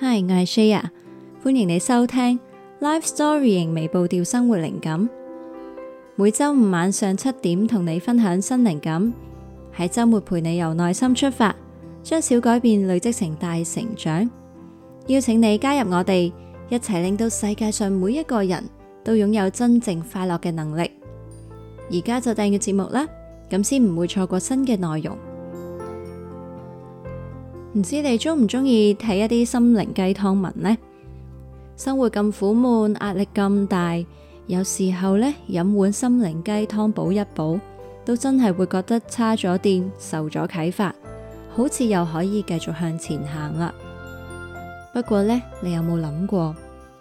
Hi，我係 Shaya，歡迎你收聽 Life Story 微步調生活靈感。每周五晚上七點同你分享新靈感，喺周末陪你由內心出發，將小改變累積成大成長。邀請你加入我哋，一齊令到世界上每一個人都擁有真正快樂嘅能力。而家就訂閱節目啦，咁先唔會錯過新嘅內容。唔知你鍾唔鍾意睇一啲心靈雞湯文呢？生活咁苦悶，壓力咁大，有時候呢，飲碗心靈雞湯補一補，都真係會覺得差咗電，受咗啟發，好似又可以繼續向前行啦。不過呢，你有冇諗過，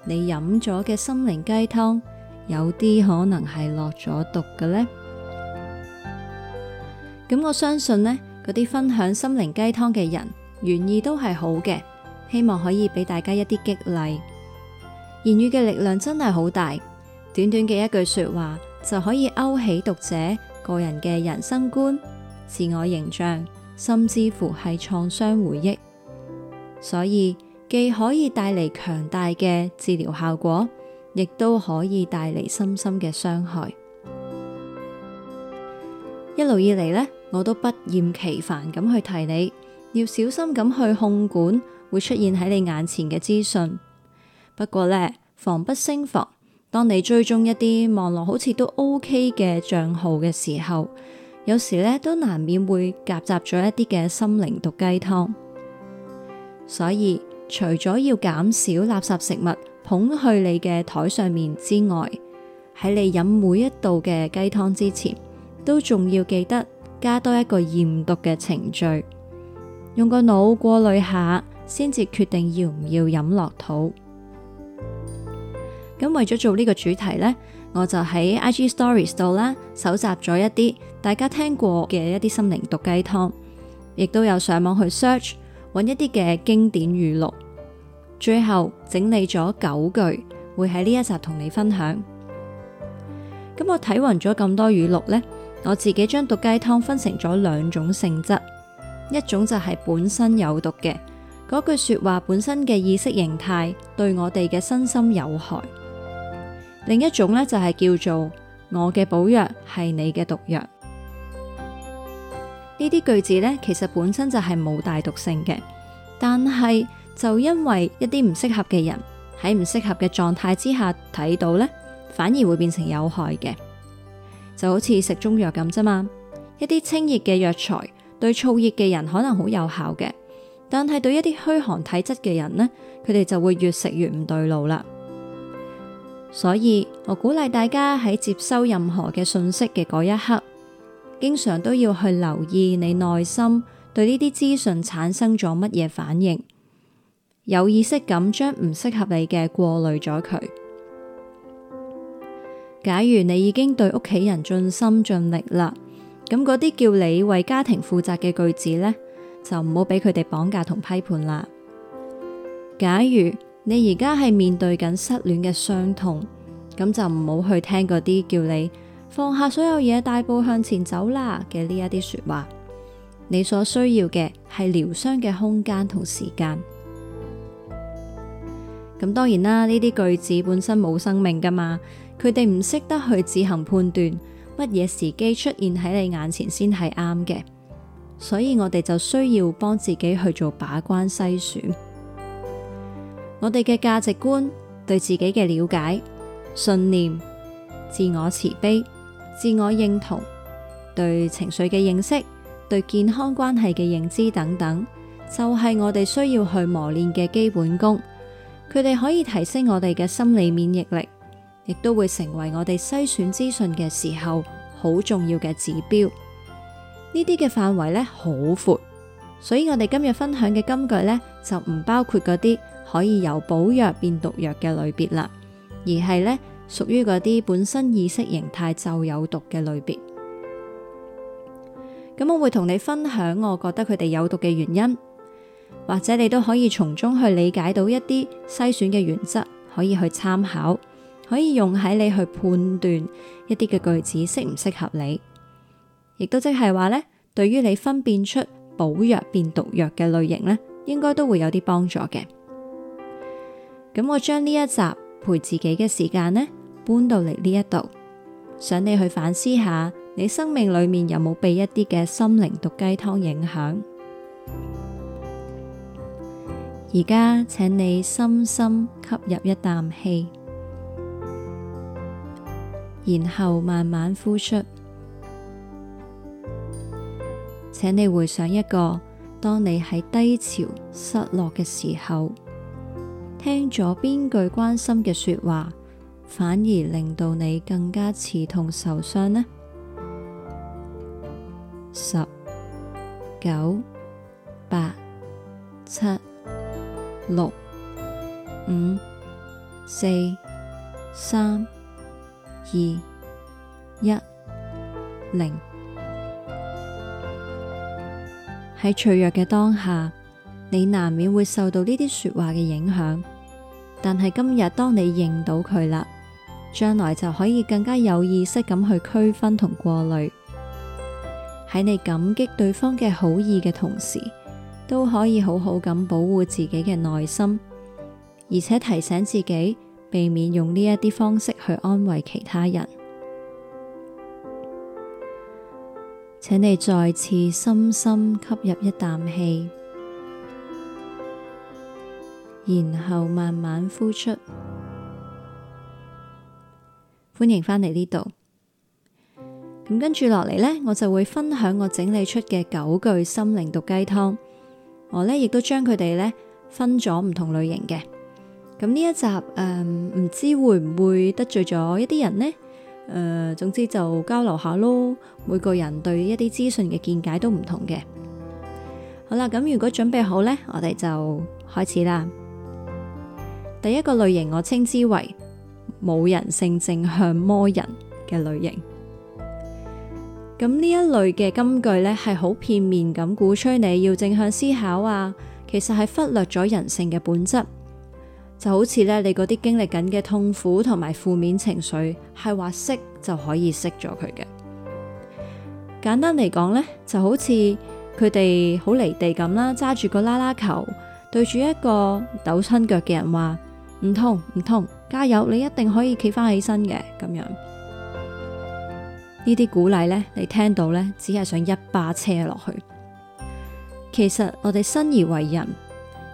你飲咗嘅心靈雞湯有啲可能係落咗毒嘅呢？咁我相信呢，嗰啲分享心靈雞湯嘅人。原意都係好嘅，希望可以俾大家一啲激勵。言語嘅力量真係好大，短短嘅一句說話就可以勾起讀者個人嘅人生觀、自我形象，甚至乎係創傷回憶。所以既可以帶嚟強大嘅治療效果，亦都可以帶嚟深深嘅傷害。一路以嚟呢，我都不厭其煩咁去提你。要小心咁去控管會出現喺你眼前嘅資訊。不過呢，防不勝防，當你追蹤一啲望落好似都 OK 嘅賬號嘅時候，有時呢都難免會夾雜咗一啲嘅心靈毒雞湯。所以，除咗要減少垃圾食物捧去你嘅台上面之外，喺你飲每一度嘅雞湯之前，都仲要記得加多一個驗毒嘅程序。用個腦過濾下，先至決定要唔要飲落肚。咁為咗做呢個主題呢，我就喺 IG Stories 度啦，蒐集咗一啲大家聽過嘅一啲心靈毒雞湯，亦都有上網去 search，搵一啲嘅經典語錄，最後整理咗九句，會喺呢一集同你分享。咁我睇勻咗咁多語錄呢，我自己將毒雞湯分成咗兩種性質。一種就係本身有毒嘅，嗰句說話本身嘅意識形態對我哋嘅身心有害。另一種呢，就係叫做我嘅補藥係你嘅毒藥。呢啲句子呢，其實本身就係冇大毒性嘅，但係就因為一啲唔適合嘅人喺唔適合嘅狀態之下睇到呢，反而會變成有害嘅。就好似食中藥咁啫嘛，一啲清熱嘅藥材。對燥熱嘅人可能好有效嘅，但係對一啲虛寒體質嘅人呢，佢哋就會越食越唔對路啦。所以我鼓勵大家喺接收任何嘅信息嘅嗰一刻，經常都要去留意你內心對呢啲資訊產生咗乜嘢反應，有意識咁將唔適合你嘅過濾咗佢。假如你已經對屋企人盡心盡力啦。咁嗰啲叫你為家庭負責嘅句子呢，就唔好俾佢哋綁架同批判啦。假如你而家係面對緊失戀嘅傷痛，咁就唔好去聽嗰啲叫你放下所有嘢，大步向前走啦嘅呢一啲說話。你所需要嘅係療傷嘅空間同時間。咁當然啦，呢啲句子本身冇生命噶嘛，佢哋唔識得去自行判斷乜嘢時機出現喺你眼前先係啱嘅，所以我哋就需要幫自己去做把關篩選。我哋嘅價值觀、對自己嘅了解、信念、自我慈悲、自我認同、對情緒嘅認識、對健康關係嘅認知等等，就係我哋需要去磨練嘅基本功。佢哋可以提升我哋嘅心理免疫力。亦都會成為我哋篩選資訊嘅時候好重要嘅指標。呢啲嘅範圍呢好闊，所以我哋今日分享嘅金句呢就唔包括嗰啲可以由補藥變毒藥嘅類別啦，而係呢屬於嗰啲本身意識形態就有毒嘅類別。咁我會同你分享，我覺得佢哋有毒嘅原因，或者你都可以從中去理解到一啲篩選嘅原則，可以去參考。可以用喺你去判斷一啲嘅句子適唔適合你，亦都即係話呢：對於你分辨出補藥變毒藥嘅類型呢，應該都會有啲幫助嘅。咁我將呢一集陪自己嘅時間呢搬到嚟呢一度，想你去反思下你生命裏面有冇被一啲嘅心靈毒雞湯影響。而家請你深深吸入一啖氣。然後慢慢呼出，請你回想一個，當你喺低潮、失落嘅時候，聽咗邊句關心嘅說話，反而令到你更加刺痛、受傷呢？十、九、八、七、六、五、四、三。二一零。喺脆弱嘅當下，你難免會受到呢啲說話嘅影響。但係今日當你認到佢啦，將來就可以更加有意識咁去區分同過濾。喺你感激對方嘅好意嘅同時，都可以好好咁保護自己嘅內心，而且提醒自己。避免用呢一啲方式去安慰其他人，請你再次深深吸入一啖氣，然後慢慢呼出。歡迎返嚟呢度，咁跟住落嚟呢，我就會分享我整理出嘅九句心靈毒雞湯，我呢亦都將佢哋呢分咗唔同類型嘅。咁呢一集誒，唔知會唔會得罪咗一啲人呢？誒，總之就交流下咯。每個人對一啲資訊嘅見解都唔同嘅。好啦，咁如果準備好呢，我哋就開始啦。第一個類型我稱之為冇人性正向魔人嘅類型。咁呢一類嘅金句呢，係好片面咁鼓吹你要正向思考啊，其實係忽略咗人性嘅本質。就好似咧，你嗰啲經歷緊嘅痛苦同埋負面情緒，係話釋就可以釋咗佢嘅。簡單嚟講咧，就好似佢哋好離地咁啦，揸住個拉拉球，對住一個抖親腳嘅人話：唔痛，唔痛，加油，你一定可以企翻起身嘅。咁樣呢啲鼓勵咧，你聽到咧，只係想一巴車落去。其實我哋生而為人。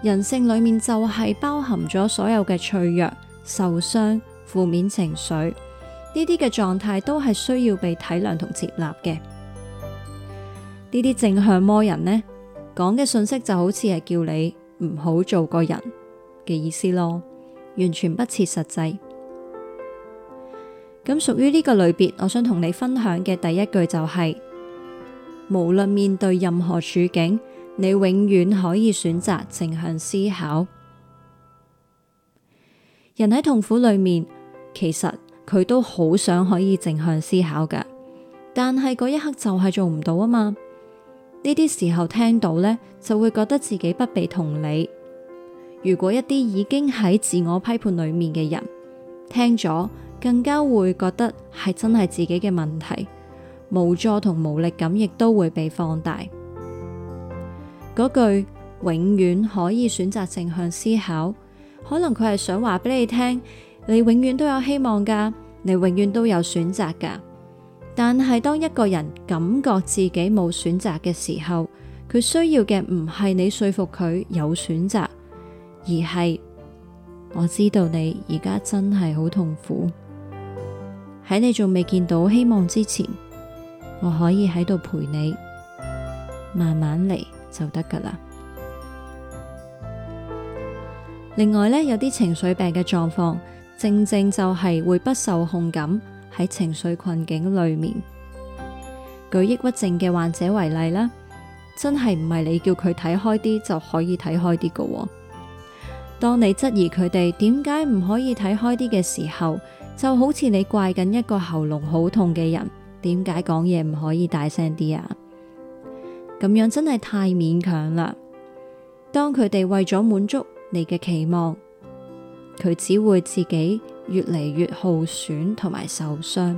人性裏面就係包含咗所有嘅脆弱、受傷、負面情緒，呢啲嘅狀態都係需要被體諒同接納嘅。呢啲正向魔人呢，講嘅信息，就好似係叫你唔好做個人嘅意思咯，完全不切實際。咁屬於呢個類別，我想同你分享嘅第一句就係：無論面對任何處境你永遠可以選擇正向思考。人喺痛苦裏面，其實佢都好想可以正向思考嘅，但係嗰一刻就係做唔到啊嘛。呢啲時候聽到呢，就會覺得自己不被同理。如果一啲已經喺自我批判裏面嘅人聽咗，更加會覺得係真係自己嘅問題，無助同無力感亦都會被放大。嗰句永遠可以選擇正向思考，可能佢係想話俾你聽，你永遠都有希望噶，你永遠都有選擇噶。但係當一個人感覺自己冇選擇嘅時候，佢需要嘅唔係你說服佢有選擇，而係我知道你而家真係好痛苦。喺你仲未見到希望之前，我可以喺度陪你，慢慢嚟。就得噶啦。另外呢，有啲情緒病嘅狀況，正正就係會不受控感喺情緒困境裏面。舉抑鬱症嘅患者為例啦，真係唔係你叫佢睇開啲就可以睇開啲噶。當你質疑佢哋點解唔可以睇開啲嘅時候，就好似你怪緊一個喉嚨好痛嘅人，點解講嘢唔可以大聲啲啊？咁樣真係太勉強啦！當佢哋為咗滿足你嘅期望，佢只會自己越嚟越耗損同埋受傷。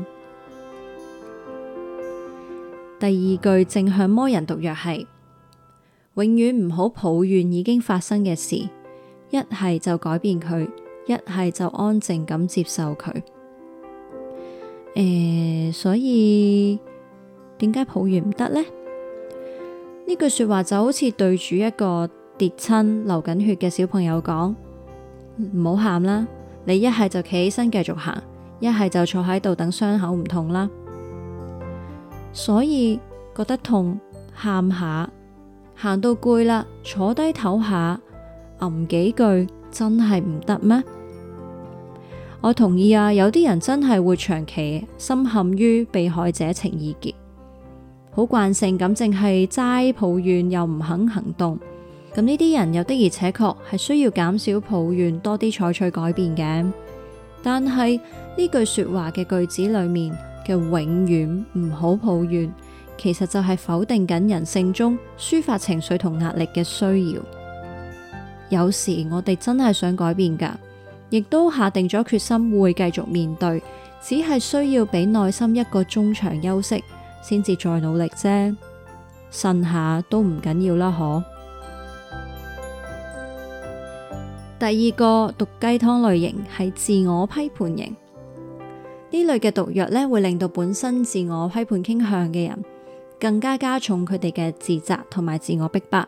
第二句正向魔人毒藥係永遠唔好抱怨已經發生嘅事，一係就改變佢，一係就安靜咁接受佢。誒、欸，所以點解抱怨唔得呢？呢句說話就好似對住一個跌親流緊血嘅小朋友講，唔好喊啦，你一係就企起身繼續行，一係就坐喺度等傷口唔痛啦。所以覺得痛，喊下，行到攰啦，坐低唞下，吟、呃、幾句，真係唔得咩？我同意啊，有啲人真係會長期深陷於被害者情意結。好慣性咁，淨係齋抱怨又唔肯行動，咁呢啲人又的而且確係需要減少抱怨，多啲採取改變嘅。但係呢句說話嘅句子裏面嘅永遠唔好抱怨，其實就係否定緊人性中抒發情緒同壓力嘅需要。有時我哋真係想改變噶，亦都下定咗決心會繼續面對，只係需要俾內心一個中場休息，先至再努力啫，呻下都唔緊要啦，嗬，第二個毒雞湯類型係自我批判型，呢類嘅毒藥咧，會令到本身自我批判傾向嘅人更加加重佢哋嘅自責同埋自我逼迫。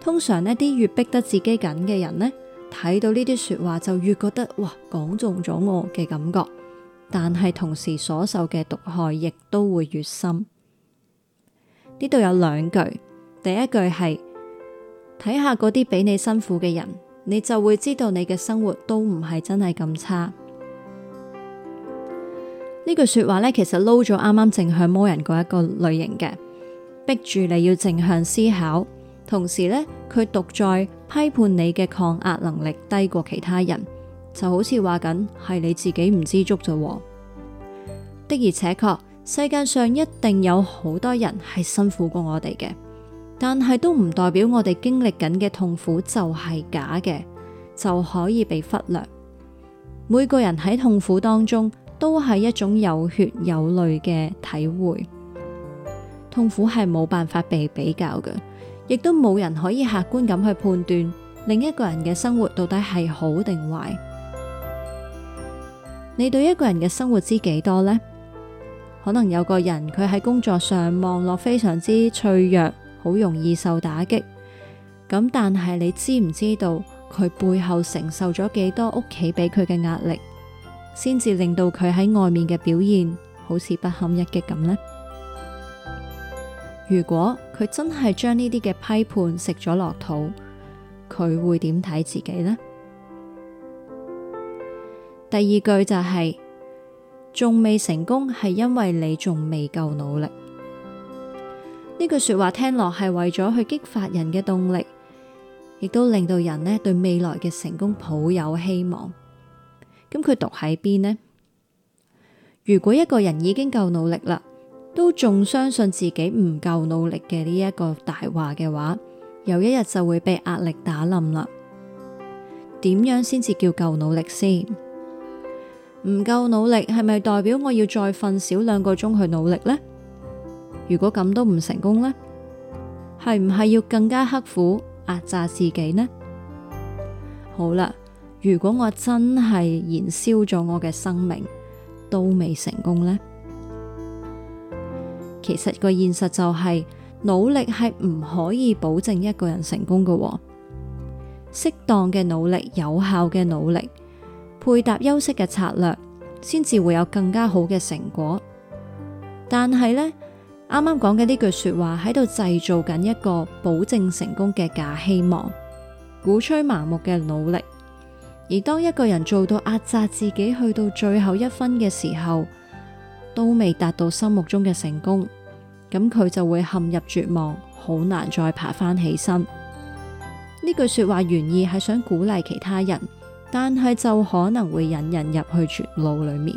通常咧，啲越逼得自己緊嘅人呢，睇到呢啲說話就越覺得哇，講中咗我嘅感覺。但係同時所受嘅毒害亦都會越深。呢度有兩句，第一句係睇下嗰啲比你辛苦嘅人，你就會知道你嘅生活都唔係真係咁差。呢句說話呢，其實撈咗啱啱正向魔人嗰一個類型嘅，逼住你要正向思考，同時呢，佢獨在批判你嘅抗壓能力低過其他人。就好似話緊係你自己唔知足啫。的而且確，世界上一定有好多人係辛苦過我哋嘅，但係都唔代表我哋經歷緊嘅痛苦就係假嘅，就可以被忽略。每個人喺痛苦當中都係一種有血有淚嘅體會，痛苦係冇辦法被比較嘅，亦都冇人可以客觀咁去判斷另一個人嘅生活到底係好定壞。你對一個人嘅生活知幾多呢？可能有個人佢喺工作上望落非常之脆弱，好容易受打擊。咁但係你知唔知道佢背後承受咗幾多屋企俾佢嘅壓力，先至令到佢喺外面嘅表現好似不堪一擊咁呢？如果佢真係將呢啲嘅批判食咗落肚，佢會點睇自己呢？第二句就係、是、仲未成功，係因為你仲未夠努力。呢句說話聽落係為咗去激發人嘅動力，亦都令到人呢對未來嘅成功抱有希望。咁佢讀喺邊呢？如果一個人已經夠努力啦，都仲相信自己唔夠努力嘅呢一個大話嘅話，有一日就會被壓力打冧啦。點樣先至叫夠努力先？唔夠努力係咪代表我要再瞓少兩個鐘去努力呢？如果咁都唔成功呢，係唔係要更加刻苦壓榨自己呢？好啦，如果我真係燃燒咗我嘅生命都未成功呢，其實個現實就係努力係唔可以保證一個人成功嘅。適當嘅努力，有效嘅努力。配搭休息嘅策略，先至會有更加好嘅成果。但係咧，啱啱講嘅呢句說話喺度製造緊一個保證成功嘅假希望，鼓吹盲目嘅努力。而當一個人做到壓榨自己去到最後一分嘅時候，都未達到心目中嘅成功，咁佢就會陷入絕望，好難再爬翻起身。呢句說話原意係想鼓勵其他人。但係就可能會引人入去絕路裏面。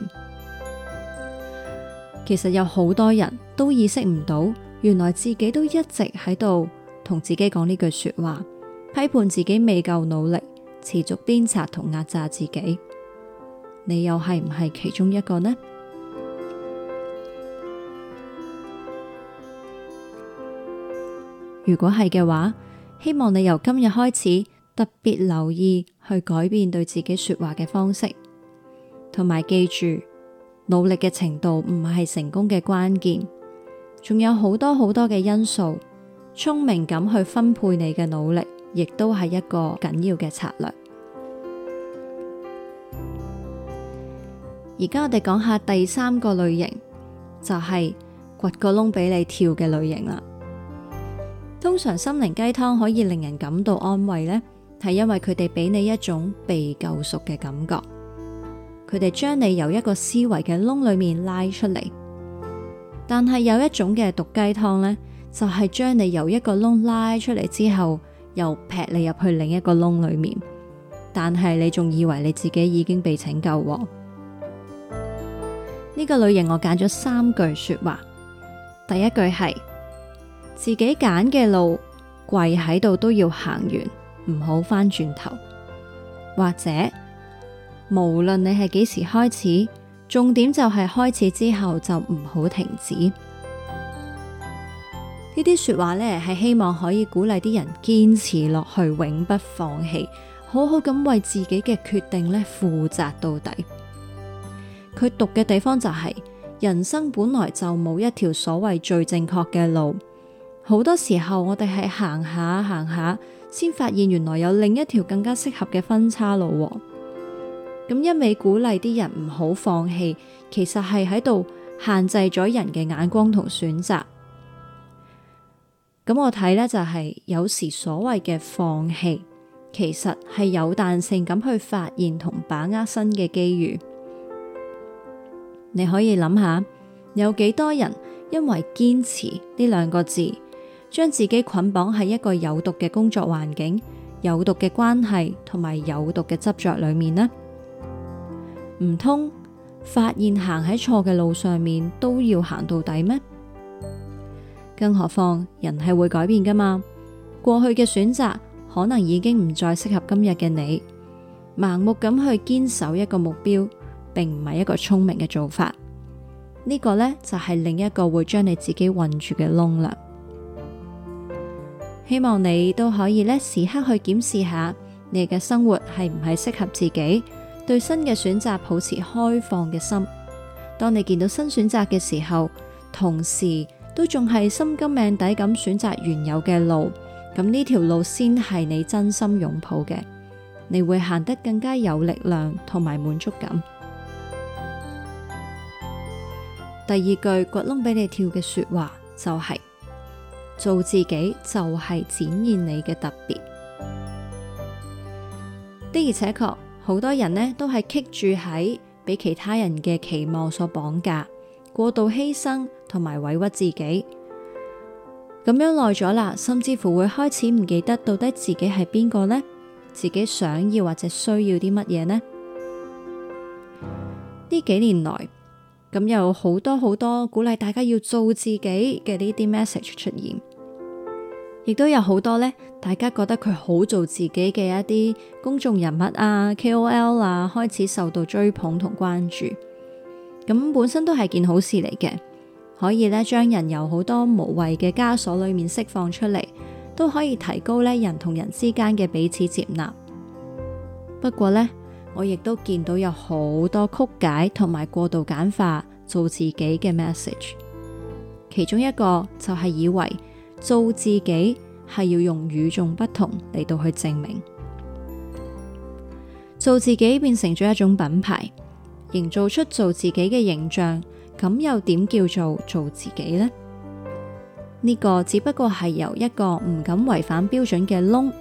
其實有好多人都意識唔到，原來自己都一直喺度同自己講呢句說話，批判自己未夠努力，持續鞭策同壓榨自己。你又係唔係其中一個呢？如果係嘅話，希望你由今日開始特別留意。去改變對自己說話嘅方式，同埋記住，努力嘅程度唔係成功嘅關鍵，仲有好多好多嘅因素。聰明咁去分配你嘅努力，亦都係一個緊要嘅策略。而家我哋講下第三個類型，就係掘個窿俾你跳嘅類型啦。通常心靈雞湯可以令人感到安慰呢，係因為佢哋俾你一種被救贖嘅感覺，佢哋將你由一個思維嘅窿裏面拉出嚟。但係有一種嘅毒雞湯呢，就係將你由一個窿拉出嚟之後，又劈你入去另一個窿裏面。但係你仲以為你自己已經被拯救。呢個類型我揀咗三句說話。第一句係自己揀嘅路，跪喺度都要行完。唔好返轉頭，或者無論你係幾時開始，重點就係開始之後就唔好停止。呢啲說話呢，係希望可以鼓勵啲人堅持落去，永不放棄，好好咁為自己嘅決定呢負責到底。佢讀嘅地方就係、是、人生本來就冇一條所謂最正確嘅路。好多時候我哋係行下行下，先發現原來有另一條更加適合嘅分叉路喎。咁一味鼓勵啲人唔好放棄，其實係喺度限制咗人嘅眼光同選擇。咁我睇呢，就係、是、有時所謂嘅放棄，其實係有彈性咁去發現同把握新嘅機遇。你可以諗下，有幾多人因為堅持呢兩個字？將自己捆綁喺一個有毒嘅工作環境、有毒嘅關係同埋有毒嘅執着裏面呢？唔通發現行喺錯嘅路上面都要行到底咩？更何況人係會改變噶嘛？過去嘅選擇可能已經唔再適合今日嘅你，盲目咁去堅守一個目標，並唔係一個聰明嘅做法。呢個呢，就係另一個會將你自己困住嘅窿啦。希望你都可以咧，時刻去檢視下你嘅生活係唔係適合自己，對新嘅選擇保持開放嘅心。當你見到新選擇嘅時候，同時都仲係心甘命抵咁選擇原有嘅路，咁呢條路先係你真心擁抱嘅，你會行得更加有力量同埋滿足感。第二句掘窿俾你跳嘅說話就係、是。做自己就係展現你嘅特別，的而且確，好多人呢都係棘住喺俾其他人嘅期望所綁架，過度犧牲同埋委屈自己，咁樣耐咗啦，甚至乎會開始唔記得到底自己係邊個呢？自己想要或者需要啲乜嘢呢？呢幾年來，咁有好多好多鼓勵大家要做自己嘅呢啲 message 出現。亦都有好多呢，大家覺得佢好做自己嘅一啲公眾人物啊、KOL 啊，開始受到追捧同關注。咁本身都係件好事嚟嘅，可以呢將人由好多無謂嘅枷鎖裏面釋放出嚟，都可以提高呢人同人之間嘅彼此接納。不過呢，我亦都見到有好多曲解同埋過度簡化做自己嘅 message，其中一個就係以為。做自己係要用與眾不同嚟到去證明，做自己變成咗一種品牌，營造出做自己嘅形象，咁又點叫做做自己呢？呢個只不過係由一個唔敢違反標準嘅窿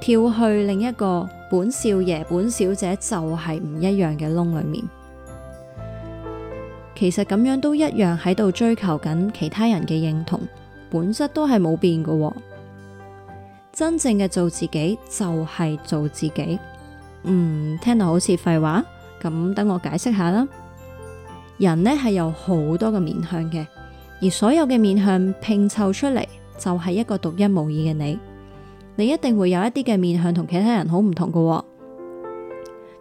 跳去另一個本少爺本小姐就係唔一樣嘅窿裏面，其實咁樣都一樣喺度追求緊其他人嘅認同。本質都係冇變嘅喎，真正嘅做自己就係、係、做自己。嗯，聽到好似廢話咁，等我解釋下啦。人呢係有好多嘅面向嘅，而所有嘅面向拼湊出嚟就係、係、一個獨一無二嘅你。你一定會有一啲嘅面向同其他人好唔同嘅喎。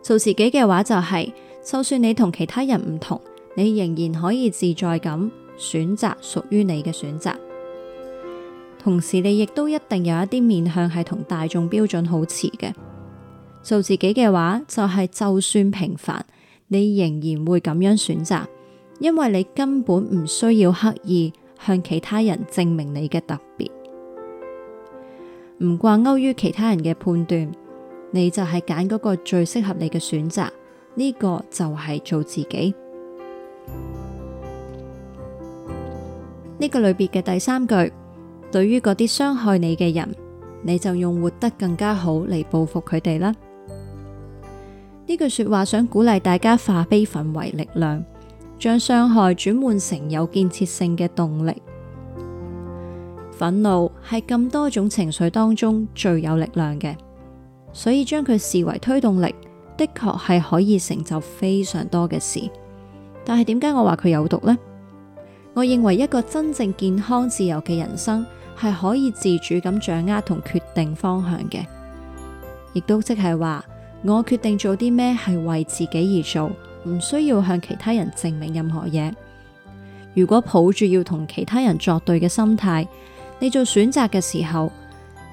做自己嘅話就係、係，就算你同其他人唔同，你仍然可以自在咁選擇屬於你嘅選擇。同時你亦都一定有一啲面向係同大眾標準好似嘅。做自己嘅話就係、是、就算平凡，你仍然會咁樣選擇，因為你根本唔需要刻意向其他人證明你嘅特別，唔掛鈎於其他人嘅判斷，你就係揀嗰個最適合你嘅選擇。呢、這個就係做自己呢、這個類別嘅第三句。對於嗰啲傷害你嘅人，你就用活得更加好嚟報復佢哋啦。呢句說話想鼓勵大家化悲憤為力量，將傷害轉換成有建設性嘅動力。憤怒係咁多種情緒當中最有力量嘅，所以將佢視為推動力，的確係可以成就非常多嘅事。但係點解我話佢有毒呢？我認為一個真正健康、自由嘅人生係可以自主咁掌握同決定方向嘅，亦都即係話我決定做啲咩係為自己而做，唔需要向其他人證明任何嘢。如果抱住要同其他人作對嘅心態，你做選擇嘅時候，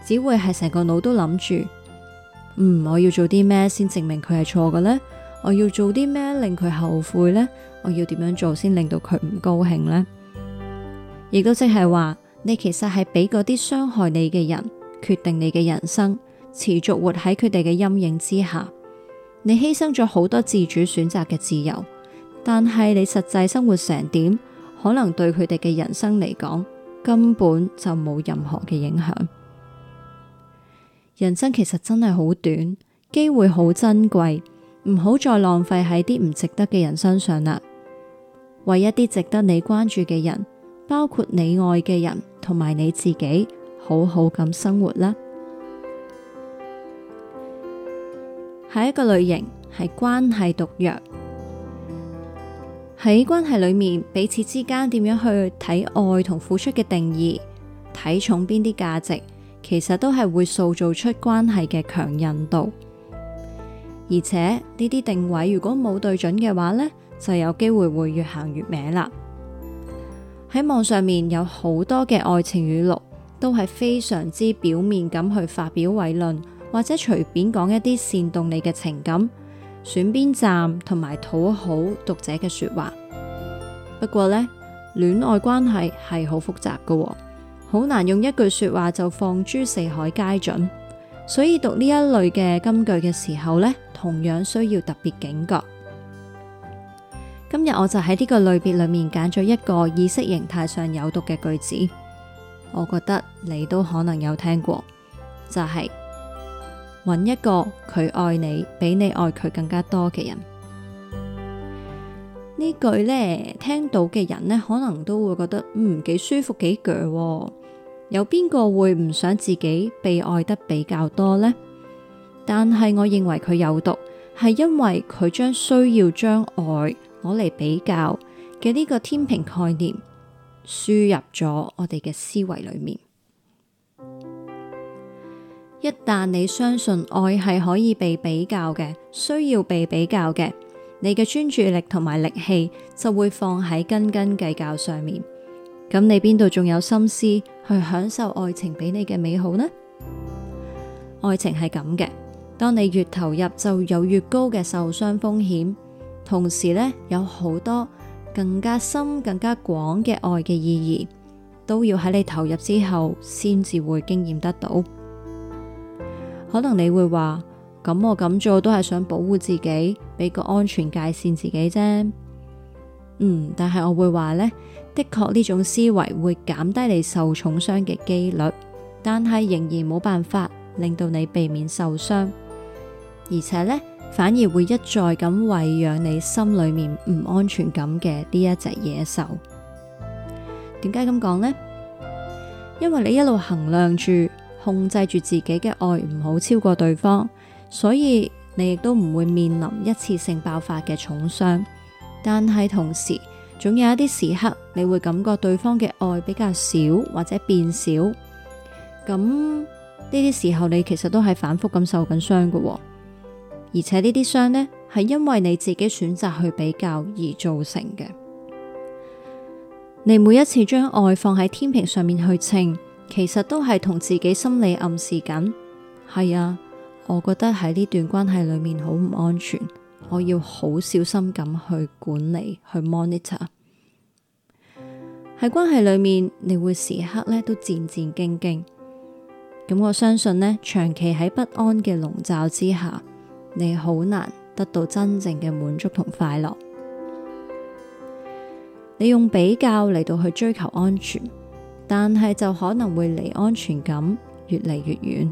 只會係成個腦都諗住，嗯，我要做啲咩先證明佢係錯嘅呢？我要做啲咩令佢後悔呢？」我要點樣做先令到佢唔高興呢？亦都即係話，你其實係俾嗰啲傷害你嘅人決定你嘅人生，持續活喺佢哋嘅陰影之下，你犧牲咗好多自主選擇嘅自由。但係你實際生活成點，可能對佢哋嘅人生嚟講根本就冇任何嘅影響。人生其實真係好短，機會好珍貴，唔好再浪費喺啲唔值得嘅人身上啦。為一啲值得你關注嘅人，包括你愛嘅人同埋你自己，好好咁生活啦。下一個類型係關係毒藥。喺關係裏面，彼此之間點樣去睇愛同付出嘅定義，睇重邊啲價值，其實都係會塑造出關係嘅強韌度。而且呢啲定位如果冇對準嘅話呢。就有機會會越行越歪啦。喺網上面有好多嘅愛情語錄，都係非常之表面咁去發表偉論，或者隨便講一啲煽動你嘅情感、選邊站同埋討好讀者嘅說話。不過呢，戀愛關係係好複雜噶喎，好難用一句說話就放諸四海皆準。所以讀呢一類嘅金句嘅時候呢，同樣需要特別警覺。今日我就喺呢個類別裏面揀咗一個意識形態上有毒嘅句子，我覺得你都可能有聽過，就係、是、揾一個佢愛你比你愛佢更加多嘅人。呢句呢，聽到嘅人呢，可能都會覺得嗯，幾舒服幾句、哦。有邊個會唔想自己被愛得比較多呢？但係我認為佢有毒，係因為佢將需要將愛。攞嚟比較嘅呢個天平概念，輸入咗我哋嘅思維裏面。一旦你相信愛係可以被比較嘅，需要被比較嘅，你嘅專注力同埋力氣就會放喺斤斤計較上面。咁你邊度仲有心思去享受愛情俾你嘅美好呢？愛情係咁嘅，當你越投入，就有越高嘅受傷風險。同時呢，有好多更加深、更加廣嘅愛嘅意義，都要喺你投入之後，先至會經驗得到。可能你會話：咁我咁做都係想保護自己，俾個安全界線自己啫。嗯，但係我會話呢，的確呢種思維會減低你受重傷嘅幾率，但係仍然冇辦法令到你避免受傷，而且呢。反而會一再咁餵養你心裏面唔安全感嘅呢一隻野獸。點解咁講呢？因為你一路衡量住、控制住自己嘅愛唔好超過對方，所以你亦都唔會面臨一次性爆發嘅重傷。但係同時，總有一啲時刻你會感覺對方嘅愛比較少或者變少。咁呢啲時候，你其實都係反復咁受緊傷嘅。而且呢啲傷呢，係因為你自己選擇去比較而造成嘅。你每一次將愛放喺天平上面去稱，其實都係同自己心理暗示緊。係啊，我覺得喺呢段關係裏面好唔安全，我要好小心咁去管理去 monitor。喺關係裏面，你會時刻呢都戰戰兢兢。咁我相信呢，長期喺不安嘅籠罩之下。你好難得到真正嘅滿足同快樂。你用比較嚟到去追求安全，但係就可能會離安全感越嚟越遠。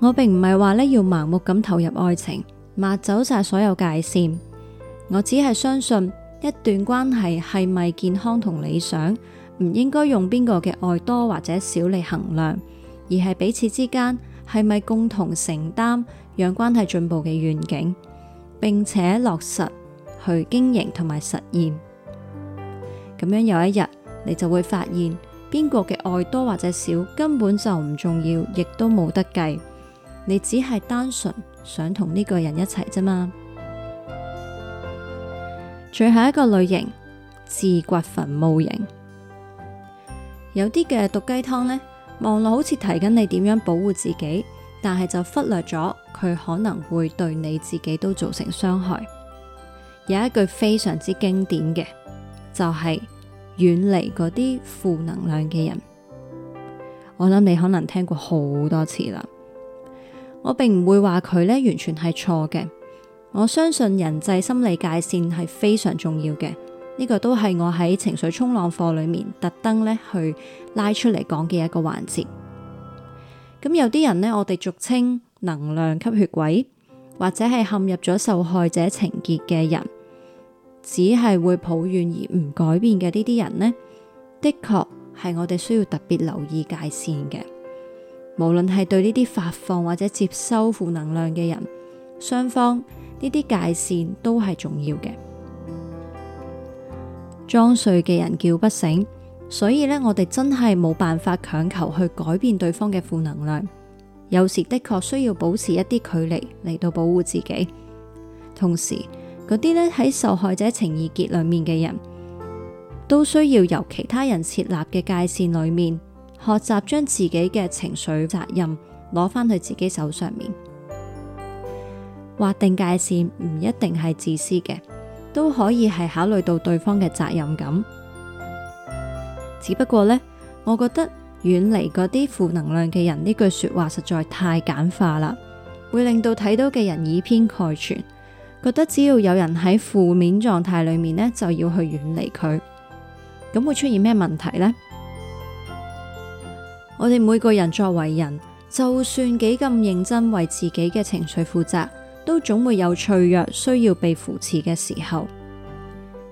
我並唔係話呢要盲目咁投入愛情，抹走晒所有界線。我只係相信一段關係係咪健康同理想，唔應該用邊個嘅愛多或者少嚟衡量，而係彼此之間。係咪共同承擔讓關係進步嘅願景，並且落實去經營同埋實現，咁樣有一日你就會發現邊個嘅愛多或者少根本就唔重要，亦都冇得計。你只係單純想同呢個人一齊啫嘛。最後一個類型自掘墳墓型，有啲嘅毒雞湯呢。望落好似提緊你點樣保護自己，但係就忽略咗佢可能會對你自己都造成傷害。有一句非常之經典嘅，就係遠離嗰啲負能量嘅人。我諗你可能聽過好多次啦。我並唔會話佢呢完全係錯嘅。我相信人際心理界線係非常重要嘅。呢個都係我喺情緒衝浪課裏面特登咧去拉出嚟講嘅一個環節。咁有啲人呢，我哋俗稱能量吸血鬼，或者係陷入咗受害者情結嘅人，只係會抱怨而唔改變嘅呢啲人呢，的確係我哋需要特別留意界線嘅。無論係對呢啲發放或者接收負能量嘅人，雙方呢啲界線都係重要嘅。裝睡嘅人叫不醒，所以呢，我哋真係冇辦法強求去改變對方嘅負能量。有時的確需要保持一啲距離嚟到保護自己。同時，嗰啲呢喺受害者情意結裏面嘅人都需要由其他人設立嘅界線裏面學習，將自己嘅情緒責任攞返去自己手上面。劃定界線唔一定係自私嘅。都可以係考慮到對方嘅責任感，只不過呢，我覺得遠離嗰啲負能量嘅人呢句說話實在太簡化啦，會令到睇到嘅人以偏概全，覺得只要有人喺負面狀態裏面呢，就要去遠離佢，咁會出現咩問題呢？我哋每個人作為人，就算幾咁認真為自己嘅情緒負責。都總會有脆弱需要被扶持嘅時候，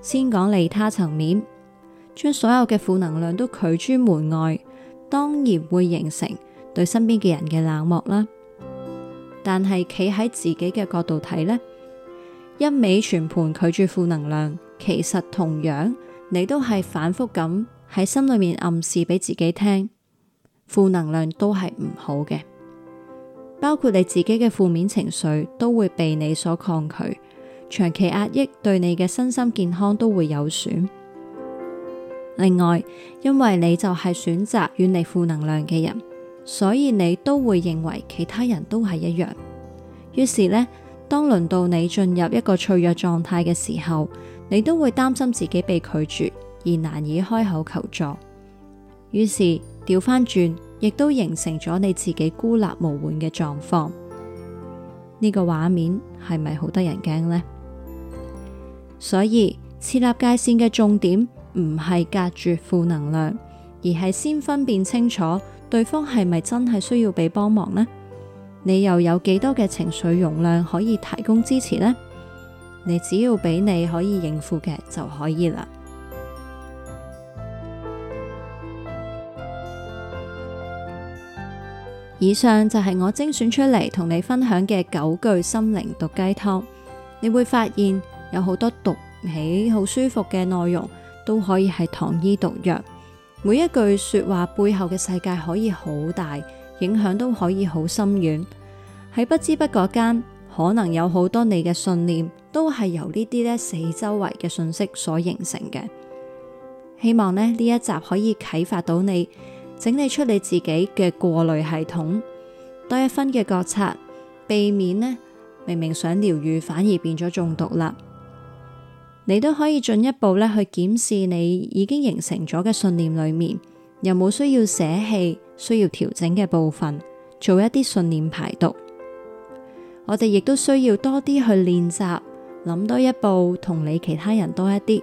先講利他層面，將所有嘅負能量都拒諸門外，當然會形成對身邊嘅人嘅冷漠啦。但係企喺自己嘅角度睇呢，一味全盤拒絕負能量，其實同樣你都係反覆咁喺心裏面暗示俾自己聽，負能量都係唔好嘅。包括你自己嘅負面情緒都會被你所抗拒，長期壓抑對你嘅身心健康都會有損。另外，因為你就係選擇遠離負能量嘅人，所以你都會認為其他人都係一樣。於是呢，當輪到你進入一個脆弱狀態嘅時候，你都會擔心自己被拒絕，而難以開口求助。於是調翻轉。亦都形成咗你自己孤立無援嘅狀況，呢個畫面係咪好得人驚呢？所以設立界線嘅重點唔係隔絕負能量，而係先分辨清楚對方係咪真係需要俾幫忙呢？你又有幾多嘅情緒容量可以提供支持呢？你只要俾你可以應付嘅就可以啦。以上就係我精選出嚟同你分享嘅九句心靈毒雞湯。你會發現有好多讀起好舒服嘅內容，都可以係糖衣毒藥。每一句說話背後嘅世界可以好大，影響都可以好深遠。喺不知不覺間，可能有好多你嘅信念都係由呢啲咧四周圍嘅信息所形成嘅。希望呢呢一集可以啟發到你。整理出你自己嘅過濾系統，多一分嘅覺察，避免呢明明想療癒，反而變咗中毒啦。你都可以進一步咧去檢視你已經形成咗嘅信念裏面，有冇需要捨棄、需要調整嘅部分，做一啲信念排毒。我哋亦都需要多啲去練習，諗多一步，同你其他人多一啲，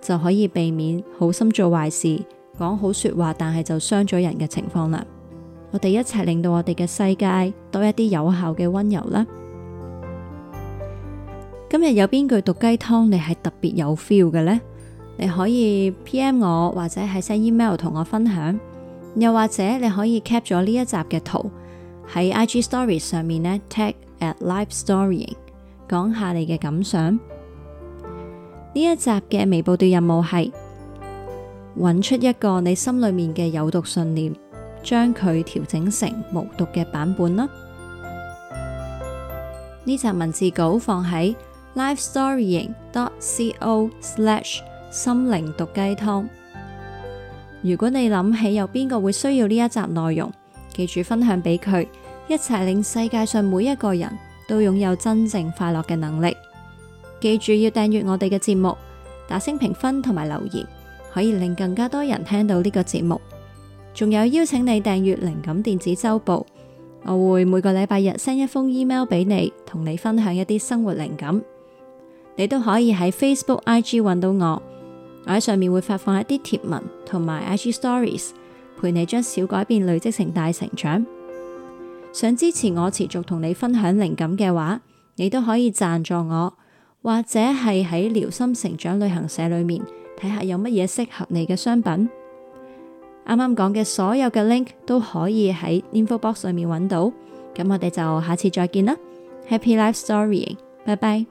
就可以避免好心做壞事。講好說話，但係就傷咗人嘅情況啦。我哋一齊令到我哋嘅世界多一啲有效嘅溫柔啦。今日有邊句毒雞湯你係特別有 feel 嘅呢？你可以 PM 我，或者喺 send email 同我分享，又或者你可以 cap 咗呢一集嘅圖喺 IG Story 上面呢 tag at live storying，講下你嘅感想。呢一集嘅微報導任務係。揾出一個你心裏面嘅有毒信念，將佢調整成無毒嘅版本啦。呢集文字稿放喺 LifeStorying.co/ 心靈毒雞湯。如果你諗起有邊個會需要呢一集內容，記住分享俾佢，一齊令世界上每一個人都擁有真正快樂嘅能力。記住要訂閱我哋嘅節目，打聲評分同埋留言。可以令更加多人聽到呢個節目，仲有邀請你訂閱靈感電子週報，我會每個禮拜日 send 一封 email 俾你，同你分享一啲生活靈感。你都可以喺 Facebook、IG 搵到我，我喺上面會發放一啲貼文同埋 IG Stories，陪你將小改變累積成大成長。想支持我持續同你分享靈感嘅話，你都可以贊助我，或者係喺療心成長旅行社裏面。睇下有乜嘢適合你嘅商品。啱啱講嘅所有嘅 link 都可以喺 InfoBox 上面揾到。咁我哋就下次再見啦。Happy Life Story，拜拜。